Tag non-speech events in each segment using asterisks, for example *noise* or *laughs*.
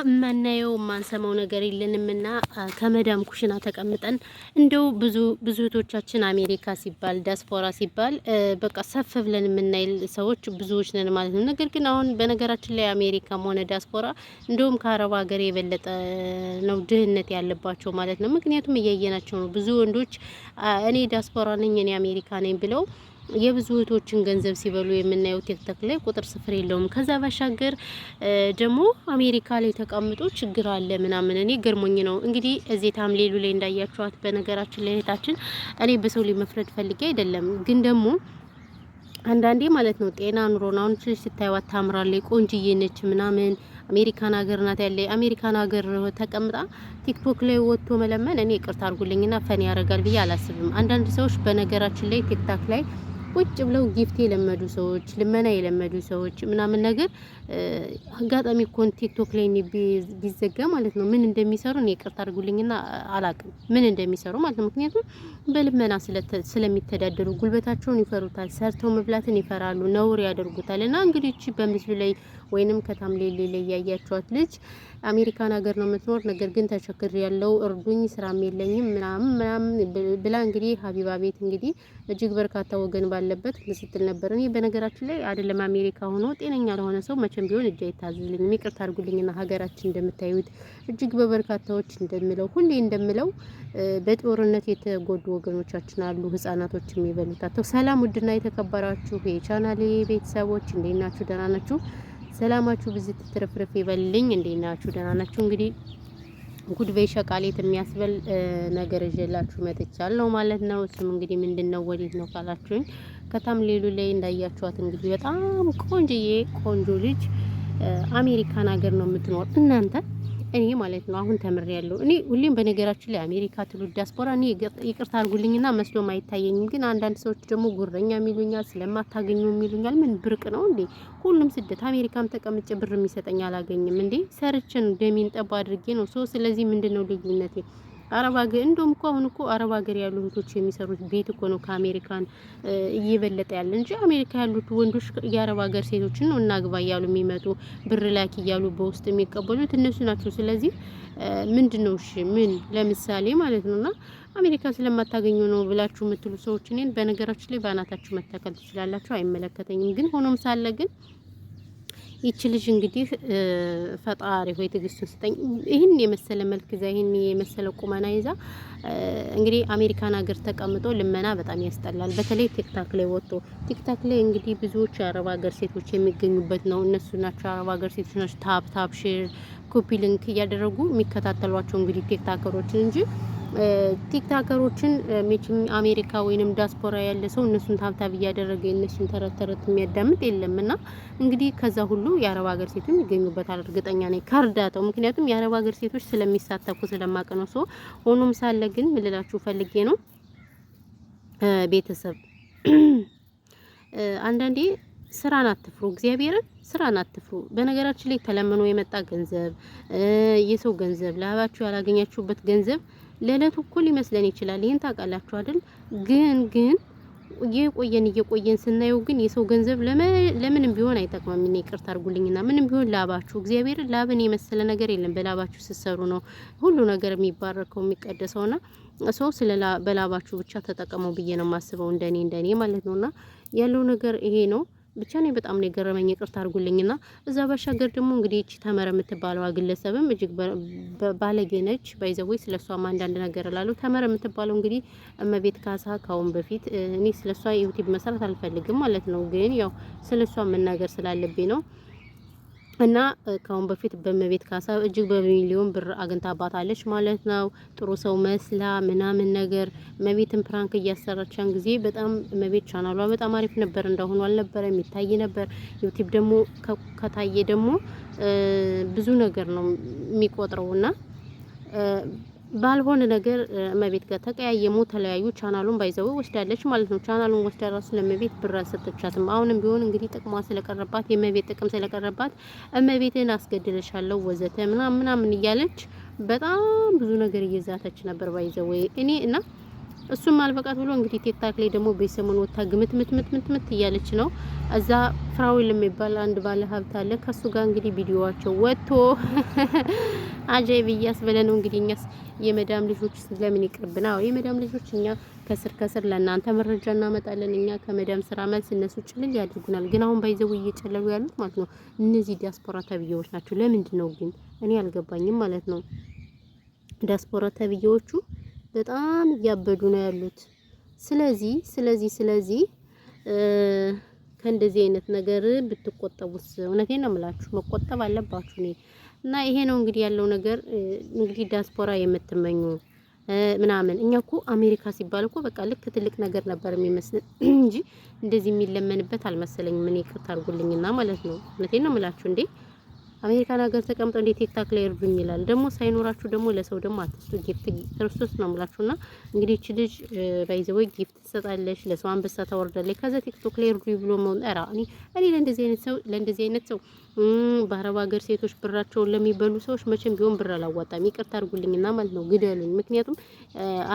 የማናየው የማንሰማው ነገር ይልንምና ከመዳም ኩሽና ተቀምጠን እንደው ብዙ ብዙ እህቶቻችን አሜሪካ ሲባል ዲያስፖራ ሲባል በቃ ሰፍ ብለን የምናይል ሰዎች ብዙዎች ነን ማለት ነው። ነገር ግን አሁን በነገራችን ላይ አሜሪካም ሆነ ዲያስፖራ እንደውም ከአረብ ሀገር የበለጠ ነው ድህነት ያለባቸው ማለት ነው። ምክንያቱም እያየናቸው ነው። ብዙ ወንዶች እኔ ዲያስፖራ ነኝ እኔ አሜሪካ ነኝ ብለው የብዙ እህቶችን ገንዘብ ሲበሉ የምናየው ቲክቶክ ላይ ቁጥር ስፍር የለውም። ከዛ ባሻገር ደግሞ አሜሪካ ላይ ተቀምጦ ችግር አለ ምናምን እኔ ገርሞኝ ነው እንግዲህ እዚህ ታምሌሉ ላይ እንዳያቸዋት። በነገራችን ላይ እህታችን እኔ በሰው ላይ መፍረድ ፈልጌ አይደለም፣ ግን ደግሞ አንዳንዴ ማለት ነው ጤና ኑሮን አሁን ትንሽ ስታይዋት ታምራለች፣ ቆንጅዬ ነች ምናምን አሜሪካን ሀገር ናት ያለ አሜሪካን ሀገር ተቀምጣ ቲክቶክ ላይ ወጥቶ መለመን እኔ ይቅርታ አድርጉልኝና ፈን ያደርጋል ብዬ አላስብም። አንዳንድ ሰዎች በነገራችን ላይ ቲክታክ ላይ ቁጭ ብለው ጊፍት የለመዱ ሰዎች፣ ልመና የለመዱ ሰዎች ምናምን ነገር አጋጣሚ ኮን ቲክቶክ ላይ ቢዘጋ ማለት ነው ምን እንደሚሰሩ እኔ ይቅርታ አድርጉልኝና አላቅም ምን እንደሚሰሩ ማለት ነው። ምክንያቱም በልመና ስለሚተዳደሩ ጉልበታቸውን ይፈሩታል፣ ሰርተው መብላትን ይፈራሉ፣ ነውር ያደርጉታል። እና እንግዲህ በምስሉ ላይ ወይንም ከታምሌል ላይ ያያቸዋት ልጅ አሜሪካን ሀገር ነው የምትኖር። ነገር ግን ተቸግር ያለው እርዱኝ፣ ስራም የለኝም ምናምን ምናምን ብላ እንግዲህ ሀቢባ ቤት እንግዲህ እጅግ በርካታ ወገን ባለበት ምስትል ነበር። እኔ በነገራችን ላይ አይደለም አሜሪካ ሆኖ ጤነኛ ለሆነ ሰው መቼም ቢሆን እጅ አይታዝልኝም። ይቅርታ አድርጉልኝና ሀገራችን እንደምታዩት እጅግ በበርካታዎች እንደምለው ሁሌ እንደምለው በጦርነት የተጎዱ ወገኖቻችን አሉ። ህጻናቶች የሚበሉታቸው። ሰላም ውድና የተከበራችሁ የቻናሌ ቤተሰቦች እንዴት ናችሁ? ደህና ናችሁ? ሰላማችሁ ብዙ ትትርፍርፍ ይበልልኝ። እንዴት ናችሁ? ደህና ናችሁ? እንግዲህ ጉድ ሸቃሌት የሚያስበል ነገር ይዤላችሁ መጥቻለሁ ማለት ነው። እሱም እንግዲህ ምንድነው ወዴት ነው ካላችሁኝ ሌሉ ላይ እንዳያችኋት እንግዲህ በጣም ቆንጆዬ ቆንጆ ልጅ አሜሪካን ሀገር ነው የምትኖር እናንተ እኔ ማለት ነው አሁን ተምር ያለው እኔ ሁሌም በነገራችን ላይ አሜሪካ ትሉ ዲያስፖራ እኔ ይቅርታ አድርጉልኝና መስሎም አይታየኝም። ግን አንዳንድ ሰዎች ደግሞ ጉረኛ የሚሉኛል፣ ስለማታገኙ የሚሉኛል። ምን ብርቅ ነው እንዴ? ሁሉም ስደት አሜሪካም ተቀምጬ ብር የሚሰጠኝ አላገኝም እንዴ? ሰርችን ደሜን ጠባ አድርጌ ነው ሶ ስለዚህ ምንድን ነው ልዩነቴ? አረብ ሀገር እንደውም እኮ አሁን እኮ አረብ ሀገር ያሉ እህቶች የሚሰሩት ቤት እኮ ነው ከአሜሪካን እየበለጠ ያለ እንጂ አሜሪካ ያሉት ወንዶች የአረብ ሀገር ሴቶችን ነው እናግባ እያሉ የሚመጡ ብር ላኪ እያሉ በውስጥ የሚቀበሉት እነሱ ናቸው። ስለዚህ ምንድን ነው እሺ፣ ምን ለምሳሌ ማለት ነውና አሜሪካ ስለማታገኙ ነው ብላችሁ የምትሉ ሰዎች እኔን በነገራችሁ ላይ በአናታችሁ መታከል ትችላላችሁ። አይመለከተኝም። ግን ሆኖም ሳለ ግን ይቺ ልጅ እንግዲህ ፈጣሪ ሆይ ትዕግስቱን ስጠኝ። ይህን የመሰለ መልክ ይዛ ይህን የመሰለ ቁመና ይዛ እንግዲህ አሜሪካን ሀገር ተቀምጦ ልመና በጣም ያስጠላል። በተለይ ቲክታክ ላይ ወጥቶ ቲክታክ ላይ እንግዲህ ብዙዎች የአረብ ሀገር ሴቶች የሚገኙበት ነው። እነሱ ናቸው የአረብ ሀገር ሴቶች ናቸው ታፕ ታፕ ሼር ኮፒ ሊንክ እያደረጉ የሚከታተሏቸው እንግዲህ ቲክታከሮችን እንጂ ቲክታከሮችን መቼም አሜሪካ ወይንም ዲያስፖራ ያለ ሰው እነሱን ታብታብ እያደረገ የእነሱን ተረት ተረት የሚያዳምጥ የለም እና እንግዲህ ከዛ ሁሉ የአረብ ሀገር ሴትም ይገኙበታል፣ እርግጠኛ ነኝ ከእርዳታው። ምክንያቱም የአረብ ሀገር ሴቶች ስለሚሳተፉ ስለማቅ ነው። ሰው ሆኖም ሳለ ግን ምልላችሁ ፈልጌ ነው ቤተሰብ *clears throat* አንዳንዴ ስራን አትፍሩ፣ እግዚአብሔርን ስራን አትፍሩ። በነገራችን ላይ ተለምኖ የመጣ ገንዘብ፣ የሰው ገንዘብ፣ ለአባችሁ ያላገኛችሁበት ገንዘብ ለእለቱ እኮ ሊመስለን ይችላል። ይህን ታውቃላችሁ አይደል? ግን ግን እየቆየን እየቆየን ስናየው ግን የሰው ገንዘብ ለምንም ቢሆን አይጠቅምም። እኔ ይቅርታ አድርጉልኝና ምንም ቢሆን ላባችሁ እግዚአብሔር ላብን የመሰለ ነገር የለም። በላባችሁ ስትሰሩ ነው ሁሉ ነገር የሚባረከው የሚቀደሰውና ሰው ስለ በላባችሁ ብቻ ተጠቀመው ብዬ ነው የማስበው፣ እንደኔ እንደኔ ማለት ነውና ያለው ነገር ይሄ ነው። ብቻ ነው በጣም ነው የገረመኝ። ይቅርታ አድርጉልኝና እዛ ባሻገር ደግሞ እንግዲህ እቺ ተመረ የምትባለው ግለሰብም እጅግ ባለጌ ነች። ባይዘወይ ስለሷም አንዳንድ ነገር ላሉ ተመረ የምትባለው እንግዲህ እመቤት ካሳ ካሁን በፊት እኔ ስለሷ ዩቲብ መስራት አልፈልግም ማለት ነው፣ ግን ያው ስለሷ መናገር ስላለብኝ ነው እና ከአሁን በፊት በእመቤት ካሳ እጅግ በሚሊዮን ብር አግኝታባታለች ማለት ነው። ጥሩ ሰው መስላ ምናምን ነገር እመቤትን ፕራንክ እያሰራቻን ጊዜ በጣም እመቤት ቻናሏ በጣም አሪፍ ነበር፣ እንዳሁኑ አልነበረ የሚታይ ነበር። ዩቲብ ደግሞ ከታየ ደግሞ ብዙ ነገር ነው የሚቆጥረው ና። ባልሆነ ነገር እመቤት ጋር ተቀያየሙ፣ ተለያዩ። ቻናሉን ባይዘው ወስዳለች ማለት ነው። ቻናሉን ወስዳ ራሱ ለእመቤት ብር አልሰጠቻትም። አሁንም ቢሆን እንግዲህ ጥቅሟ ስለቀረባት የእመቤት ጥቅም ስለቀረባት እመቤትን አስገድለሻለሁ ወዘተ ምናምን ምናምን እያለች በጣም ብዙ ነገር እየዛተች ነበር ባይዘው እኔ እና እሱም አልበቃት ብሎ እንግዲህ ቲክታክ ላይ ደግሞ በሰሞን ወታ ግምት ምት ምት ምት ምት እያለች ነው። እዛ ፍራውል የሚባል አንድ ባለ ሀብት አለ። ከሱ ጋር እንግዲህ ቪዲዮዋቸው ወጥቶ *laughs* አጃይብ እያስበለ ነው። እንግዲህ እኛስ የመዳም ልጆች ለምን ይቅርብና የመዳም ልጆች እኛ ከስር ከስር ለእናንተ መረጃ እናመጣለን። እኛ ከመዳም ስራ መልስ እነሱ ጭልል ያደርጉናል። ግን አሁን ባይዘው እየጨለሉ ያሉት ማለት ነው እነዚህ ዲያስፖራ ተብዬዎች ናቸው። ለምንድን ነው ግን እኔ አልገባኝም ማለት ነው ዲያስፖራ ተብዬዎቹ በጣም እያበዱ ነው ያሉት። ስለዚህ ስለዚህ ስለዚህ ከእንደዚህ አይነት ነገር ብትቆጠቡት፣ እውነቴን ነው የምላችሁ መቆጠብ አለባችሁ። እኔ እና ይሄ ነው እንግዲህ ያለው ነገር እንግዲህ ዲያስፖራ የምትመኙ ምናምን እኛ እኮ አሜሪካ ሲባል እኮ በቃ ልክ ትልቅ ነገር ነበር የሚመስል *clears throat* እንጂ እንደዚህ የሚለመንበት አልመሰለኝም። እኔ ይቅርታ አድርጉልኝና ማለት ነው እውነቴን ነው የምላችሁ እንዴ አሜሪካን ሀገር ተቀምጠው እንዴት ቲክታክ ላይ እርዱኝ ይላል። ደግሞ ሳይኖራችሁ ደግሞ ለሰው ደግሞ አትስጡ። ጊፍት ክርስቶስ ነው የምላችሁና እንግዲህ እቺ ልጅ ባይዘወይ ጊፍት ትሰጣለች፣ ለሰው አንበሳ ታወርዳለች። ከዛ ቲክቶክ ላይ እርዱኝ ብሎ መውን ራ እኔ እኔ ለእንደዚህ አይነት ሰው ለእንደዚህ አይነት ሰው በአረብ ሀገር ሴቶች ብራቸውን ለሚበሉ ሰዎች መቼም ቢሆን ብር አላዋጣም። ይቅርታ አድርጉልኝና ማለት ነው ግደሉኝ። ምክንያቱም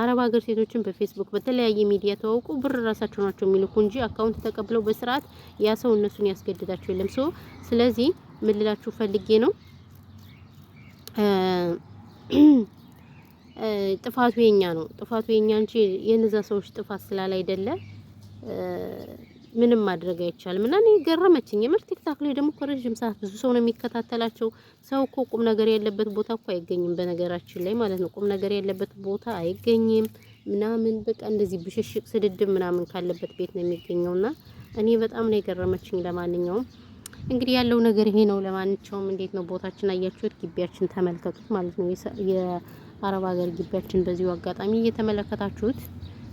አረብ ሀገር ሴቶችን በፌስቡክ በተለያየ ሚዲያ ተዋውቁ ብር ራሳቸው ናቸው የሚልኩ እንጂ አካውንት ተቀብለው በስርዓት ያ ሰው እነሱን ያስገድዳቸው የለም ሰው ስለዚህ ምን ልላችሁ ፈልጌ ነው ጥፋቱ የኛ ነው። ጥፋቱ የኛ እንጂ የነዛ ሰዎች ጥፋት ስላል አይደለ ምንም ማድረግ አይቻልም። እና እኔ ገረመችኝ የምር ቲክታክ ላይ ደግሞ እኮ ሰዓት ብዙ ሰው ነው የሚከታተላቸው። ሰው እኮ ቁም ነገር ያለበት ቦታ እኮ አይገኝም፣ በነገራችን ላይ ማለት ነው። ቁም ነገር ያለበት ቦታ አይገኝም ምናምን በቃ እንደዚህ ብሽሽቅ ስድድብ ምናምን ካለበት ቤት ነው የሚገኘውና እኔ በጣም ነው የገረመችኝ። ለማንኛውም እንግዲህ ያለው ነገር ይሄ ነው። ለማንኛውም እንዴት ነው ቦታችን አያችሁት፣ ግቢያችን ተመልከቱት ማለት ነው። የአረብ ሀገር ግቢያችን በዚሁ አጋጣሚ እየተመለከታችሁት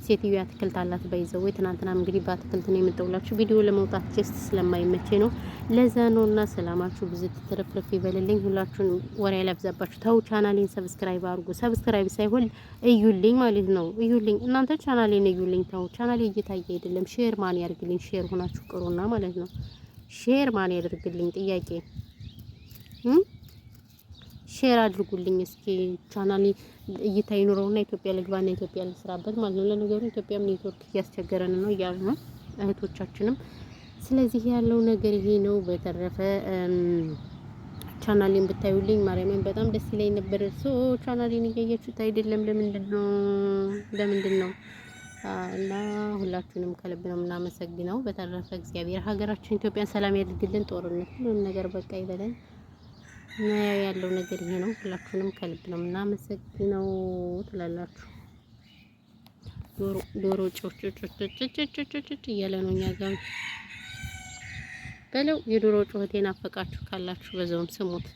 ሴትዮ አትክልት አላት ባይዘው ትናንትና እንግዲህ በአትክልት ነው የምጠውላችሁ። ቪዲዮ ለመውጣት ቼስት ስለማይመቼ ነው ለዛ እና ሰላማችሁ ብዙ ትትረፍረፍ ይበልልኝ። ሁላችሁን ወሬ ያላብዛባችሁ ተው። ቻናሌን ሰብስክራይብ አድርጉ። ሰብስክራይብ ሳይሆን እዩልኝ ማለት ነው። እዩልኝ እናንተ ቻናሌን እዩልኝ። ተው ቻናሌ እየታየ አይደለም። ሼር ማን ያርግልኝ? ሼር ሆናችሁ ቅሩና ማለት ነው። ሼር ማን ያደርግልኝ? ጥያቄ ሼር አድርጉልኝ እስኪ ቻናል እይታ ይኑረውና ኢትዮጵያ ልግባና ኢትዮጵያ ልስራበት ማለት ነው። ለነገሩ ኢትዮጵያም ኔትወርክ እያስቸገረን ነው እያሉ ነው እህቶቻችንም። ስለዚህ ያለው ነገር ይሄ ነው። በተረፈ ቻናሌን ብታዩልኝ ማርያምን በጣም ደስ ይለኝ ነበር። ሶ ቻናሌን እያያችሁት አይደለም? ለምንድን ነው ለምንድን ነው እና ሁላችሁንም ከልብ ነው የምናመሰግነው። በተረፈ እግዚአብሔር ሀገራችን ኢትዮጵያን ሰላም ያድርግልን፣ ጦርነት ሁሉም ነገር በቃ ይበለን እና ያለው ነገር ይሄ ነው። ሁላችሁንም ከልብ ነው የምናመሰግነው ትላላችሁ። ዶሮ ጮጮጮጮጮጮጮጮጮ እያለ ነው እኛ ጋር በለው። የዶሮ ጩኸት ናፈቃችሁ ካላችሁ በዛውም ስሙት።